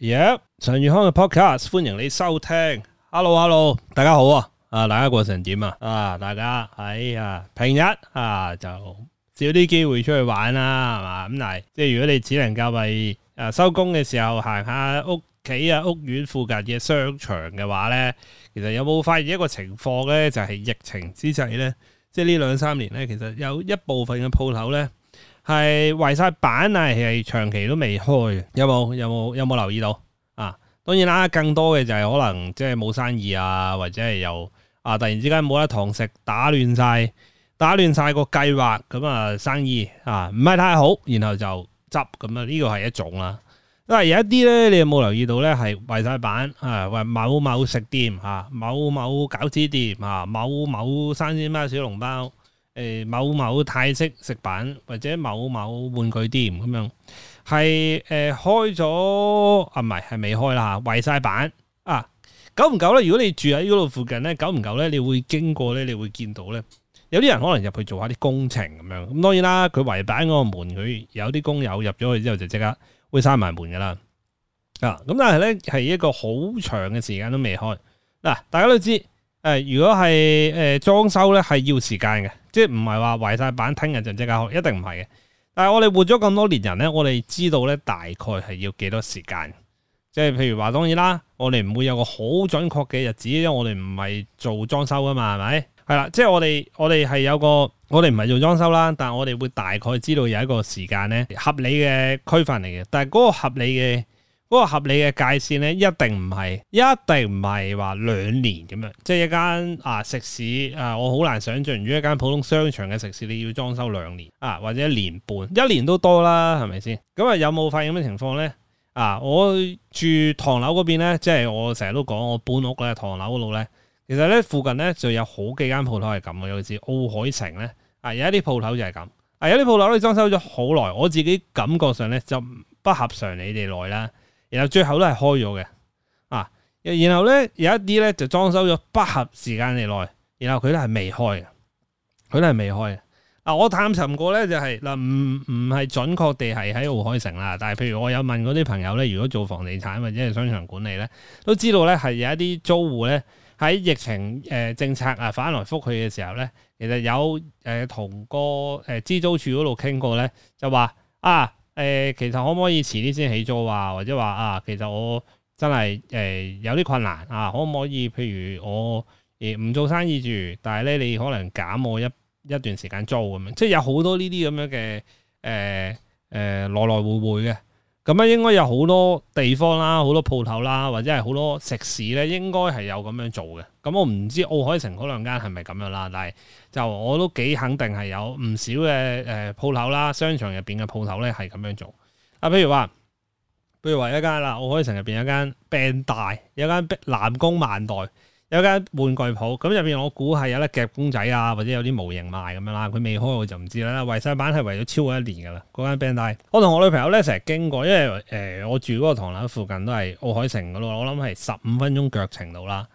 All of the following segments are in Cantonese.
耶！陳宇、yeah, 康嘅 podcast，歡迎你收聽。Hello，Hello，hello, 大家好啊！啊，大家過成點啊？啊，大家，哎呀，平日啊就少啲機會出去玩啦，啊，係嘛？咁嗱，即係如果你只能夠為啊收工嘅時候行下屋企啊，屋苑附近嘅商場嘅話咧，其實有冇發現一個情況咧？就係、是、疫情之際咧，即係呢兩三年咧，其實有一部分嘅鋪頭咧。係圍晒板，係，係長期都未開，有冇有冇有冇留意到啊？當然啦，更多嘅就係可能即係冇生意啊，或者係又啊突然之間冇得堂食，打亂晒，打亂晒個計劃，咁啊生意啊唔係太好，然後就執咁啊呢個係一種啦、啊。嗱，有一啲咧，你有冇留意到咧？係圍晒板啊，圍某某食店吓、啊，某某餃子店啊，某某生千蚊小籠包。誒，某某泰式食品或者某某玩具店咁樣，係誒、呃、開咗啊？唔係，係未開啦吓，圍晒板啊！久唔久咧，如果你住喺呢度附近咧，久唔久咧，你會經過咧，你會見到咧，有啲人可能入去做下啲工程咁樣。咁當然啦，佢圍板嗰個門，佢有啲工友入咗去之後，就即刻會閂埋門噶啦。啊，咁但係咧，係一個好長嘅時間都未開。嗱、啊，大家都知。誒，如果係誒裝修咧，係要時間嘅，即係唔係話圍晒板聽日就即刻開，一定唔係嘅。但係我哋活咗咁多年人咧，我哋知道咧，大概係要幾多時間。即係譬如話，當然啦，我哋唔會有個好準確嘅日子，因為我哋唔係做裝修噶嘛，係咪？係啦，即係我哋我哋係有個，我哋唔係做裝修啦，但係我哋會大概知道有一個時間咧，合理嘅規範嚟嘅。但係嗰個合理嘅。嗰個合理嘅界線咧，一定唔係，一定唔係話兩年咁樣，即係一間啊食肆，啊，我好難想像，如果一間普通商場嘅食肆你要裝修兩年啊，或者一年半，一年都多啦，係咪先？咁啊有冇發現咩情況咧？啊，我住唐樓嗰邊咧，即係我成日都講我搬屋咧，唐樓嗰度咧，其實咧附近咧就有好幾間鋪頭係咁嘅，尤其是奧海城咧，啊有一啲鋪頭就係咁，啊有啲鋪頭咧裝修咗好耐，我自己感覺上咧就不合常理地耐啦。然後最後都係開咗嘅，啊，然後咧有一啲咧就裝修咗不合時間嚟內，然後佢都係未開嘅，佢都係未開啊！我探尋過咧就係、是、嗱，唔唔係準確地係喺奧海城啦，但係譬如我有問嗰啲朋友咧，如果做房地產或者係商場管理咧，都知道咧係有一啲租戶咧喺疫情誒、呃、政策啊反來覆去嘅時候咧，其實有誒同、呃、個誒支、呃、租處嗰度傾過咧，就話啊。誒，其實可唔可以遲啲先起租啊？或者話啊，其實我真係誒、呃、有啲困難啊，可唔可以譬如我誒唔、呃、做生意住，但係咧你可能減我一一段時間租咁樣？即係有好多呢啲咁樣嘅誒誒來來回回嘅。咁啊，應該有好多地方啦，好多鋪頭啦，或者係好多食肆咧，應該係有咁樣做嘅。咁、嗯、我唔知奧海城嗰兩間係咪咁樣啦，但係就我都幾肯定係有唔少嘅誒、呃、鋪頭啦，商場入邊嘅鋪頭咧係咁樣做。啊，譬如話，譬如話一間啦，奧海城入邊一間 Ben 大，有間北南宮萬代。有間玩具鋪，咁入邊我估係有得夾公仔啊，或者有啲模型賣咁樣啦。佢未開我就唔知啦。圍板係圍咗超過一年噶啦。嗰間 band，但我同我女朋友咧成日經過，因為誒、呃、我住嗰個唐樓附近都係奧海城嗰度，我諗係十五分鐘腳程度啦。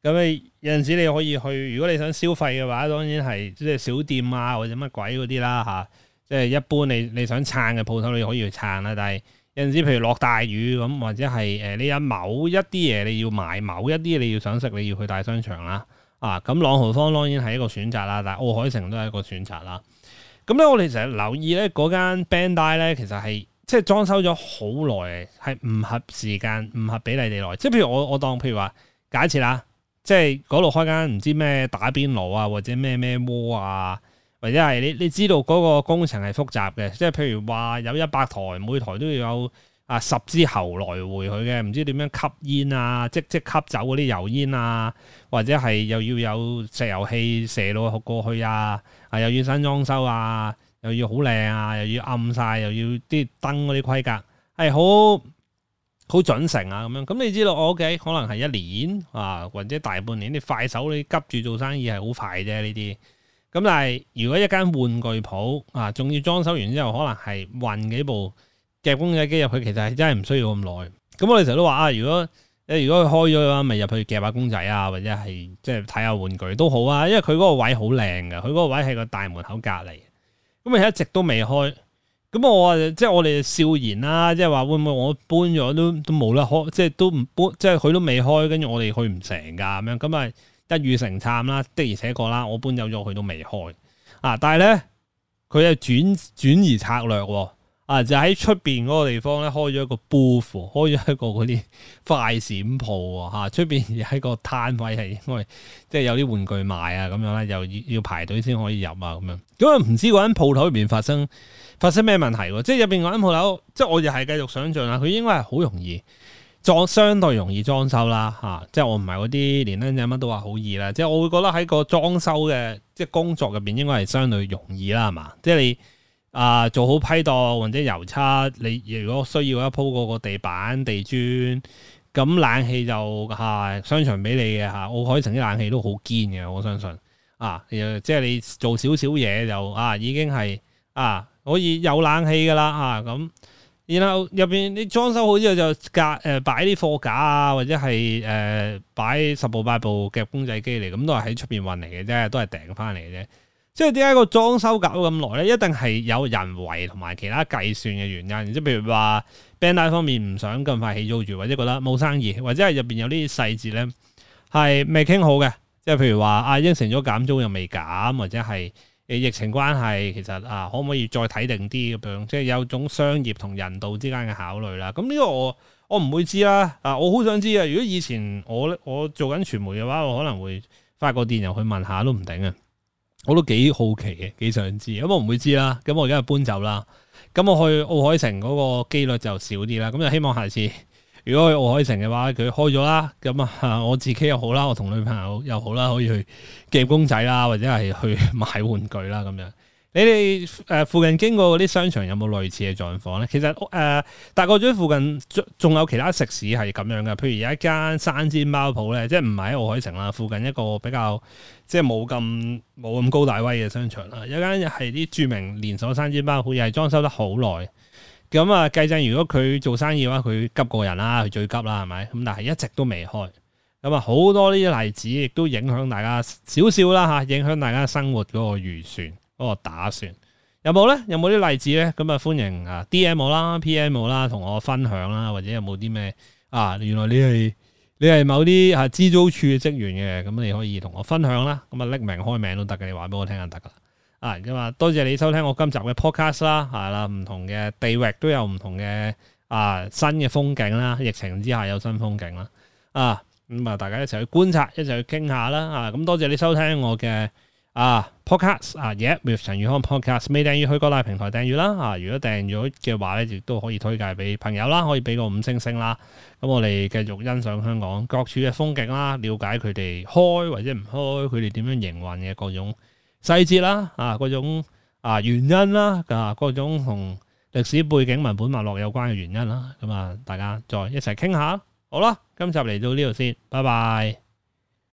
咁你有陣時你可以去，如果你想消費嘅話，當然係即係小店啊，或者乜鬼嗰啲啦吓。即、啊、係、就是、一般你你想撐嘅鋪頭，你可以去撐啦，但係。有陣時，譬如落大雨咁，或者係誒、呃，你有某一啲嘢你要買，某一啲你要想食，你要去大商場啦。啊，咁、嗯、朗豪坊當然係一個選擇啦，但係奧海城都係一個選擇啦。咁、嗯、咧，我哋成日留意咧，嗰間 Bandai 咧，其實係即係裝修咗好耐，係唔合時間、唔合比例嚟耐。即係譬如我，我當譬如話，假設啦，即係嗰度開間唔知咩打邊爐啊，或者咩咩鍋啊。或者係你你知道嗰個工程係複雜嘅，即係譬如話有一百台，每台都要有啊十支喉來回佢嘅，唔知點樣吸煙啊，即即吸走嗰啲油煙啊，或者係又要有石油氣蛇路過去啊，啊又要新裝修啊，又要好靚啊，又要暗晒，啊，又要啲燈嗰啲規格係好好準成啊咁樣。咁你知道我屋企可能係一年啊，或者大半年。你快手你急住做生意係好快啫，呢啲。咁但係如果一間玩具鋪啊，仲要裝修完之後，可能係運幾部夾公仔機入去，其實係真係唔需要咁耐。咁我哋成日都話啊，如果你、啊、如果佢開咗嘅話，咪入去夾下公仔啊，或者係即係睇下玩具都好啊，因為佢嗰個位好靚㗎，佢嗰個位係個大門口隔籬。咁佢一直都未開，咁我話即係我哋笑言啦、啊，即係話會唔會我搬咗都都冇得開，即係都唔搬，即係佢都未開，跟住我哋去唔成㗎咁樣，咁咪。一語成讖啦，的而且確啦，我搬走咗佢都未開啊！但係咧，佢又轉轉移策略喎、哦，啊就喺出邊嗰個地方咧開咗一個 booth，開咗一個嗰啲快閃鋪喎，出邊喺個攤位係因為即係有啲玩具賣啊咁樣啦，又要要排隊先可以入啊咁樣。咁啊唔知嗰間鋪頭入邊發生發生咩問題喎？即係入邊嗰間鋪頭，即係我又係繼續想像啦，佢應該係好容易。裝相對容易裝修啦，嚇、啊，即係我唔係嗰啲年輕仔乜都話好易啦，即係我會覺得喺個裝修嘅即係工作入邊，應該係相對容易啦，係嘛，即係你啊做好批盪或者油漆，你如果需要一鋪嗰個地板地磚，咁冷氣就係商場俾你嘅吓，奧、啊、海城啲冷氣都好堅嘅，我相信啊，即係你做少少嘢就啊已經係啊可以有冷氣噶啦啊咁。然後入邊你裝修好之後就、呃、架誒擺啲貨架啊，或者係誒、呃、擺十部八部夾公仔機嚟，咁都係喺出邊運嚟嘅啫，都係訂翻嚟嘅啫。即係點解個裝修搞咗咁耐咧？一定係有人為同埋其他計算嘅原因，即係譬如話，band 方面唔想咁快起租住，或者覺得冇生意，或者係入邊有啲細節咧係未傾好嘅，即係譬如話啊應承咗減租又未減，或者係。疫情關係，其實啊，可唔可以再睇定啲咁樣？即係有種商業同人道之間嘅考慮啦。咁呢個我我唔會知啦。啊，我好想知啊！如果以前我我做緊傳媒嘅話，我可能會發個電郵去問下都唔定啊。我都幾好奇嘅，幾想知。咁我唔會知啦。咁我而家就搬走啦。咁我去奧海城嗰個機率就少啲啦。咁就希望下次。如果去奧海城嘅話，佢開咗啦，咁啊我自己又好啦，我同女朋友又好啦，可以去夾公仔啦，或者係去買玩具啦咁樣。你哋誒、呃、附近經過嗰啲商場有冇類似嘅狀況咧？其實誒、呃、大角咀附近仲有其他食肆係咁樣嘅，譬如有一間生煎包鋪咧，即係唔係喺奧海城啦，附近一個比較即係冇咁冇咁高大威嘅商場啦。有間係啲著名連鎖生煎包鋪，又係裝修得好耐。咁啊，計正如果佢做生意嘅話，佢急過人啦，佢最急啦，係咪？咁但係一直都未開。咁啊，好多呢啲例子亦都影響大家少少啦嚇、啊，影響大家生活嗰個預算、嗰、嗰個打算有冇咧？有冇啲例子咧？咁啊，歡迎啊 D.M 我啦、P.M 我啦，同我分享啦，或者有冇啲咩啊？原來你係你係某啲啊支租處職員嘅，咁你可以同我分享啦。咁啊，匿名開名都得嘅，你話俾我聽就得噶啦。啊，咁啊，多謝你收聽我今集嘅 podcast 啦、啊，係啦，唔同嘅地域都有唔同嘅啊新嘅風景啦、啊，疫情之下有新風景啦，啊，咁、嗯、啊，大家一齊去觀察，一齊去傾下啦，啊，咁多謝你收聽我嘅啊 podcast 啊，Yeah，with 陳宇康 podcast，未訂閱去各大平台訂閱啦，啊，如果訂閱嘅話咧，亦都可以推介俾朋友啦，可以俾個五星星啦，咁、啊嗯嗯、我哋繼續欣賞香港各處嘅風景啦，了解佢哋開或者唔開，佢哋點樣營運嘅各種。細節啦，啊，嗰種啊原因啦，啊，嗰種同歷史背景、文本脈絡有關嘅原因啦，咁啊，大家再一齊傾下，好啦，今集嚟到呢度先，拜拜。